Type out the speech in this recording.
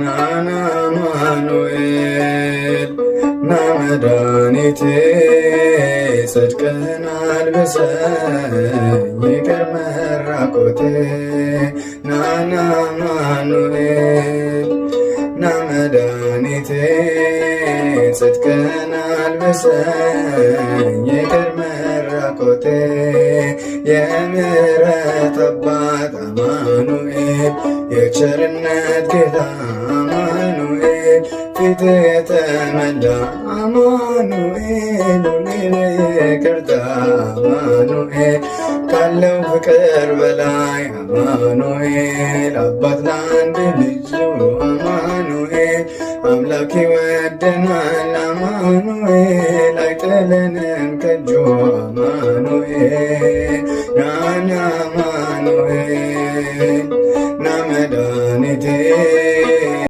ናና አማኑኤል ና መድኃኒቴ ጽድቅህን አልብሰኝ ይቅር መራቆቴ ናና አማኑኤል ና ጽድቅህን አልብሰኝ ይቅር መራቆቴ የምሕረት አባት አማኑኤል የቸርነት ጌታ ፊት የተመላ አማኑኤል ሁሌ ይቅርታ አማኑኤል ካለው ፍቅር በላይ አማኑኤል አባት ለአንድ ልጁ አማኑኤል አምላክ ይወደናል አማኑኤል አይጥለንም ከጁ አማኑኤል ናና አማኑኤል ና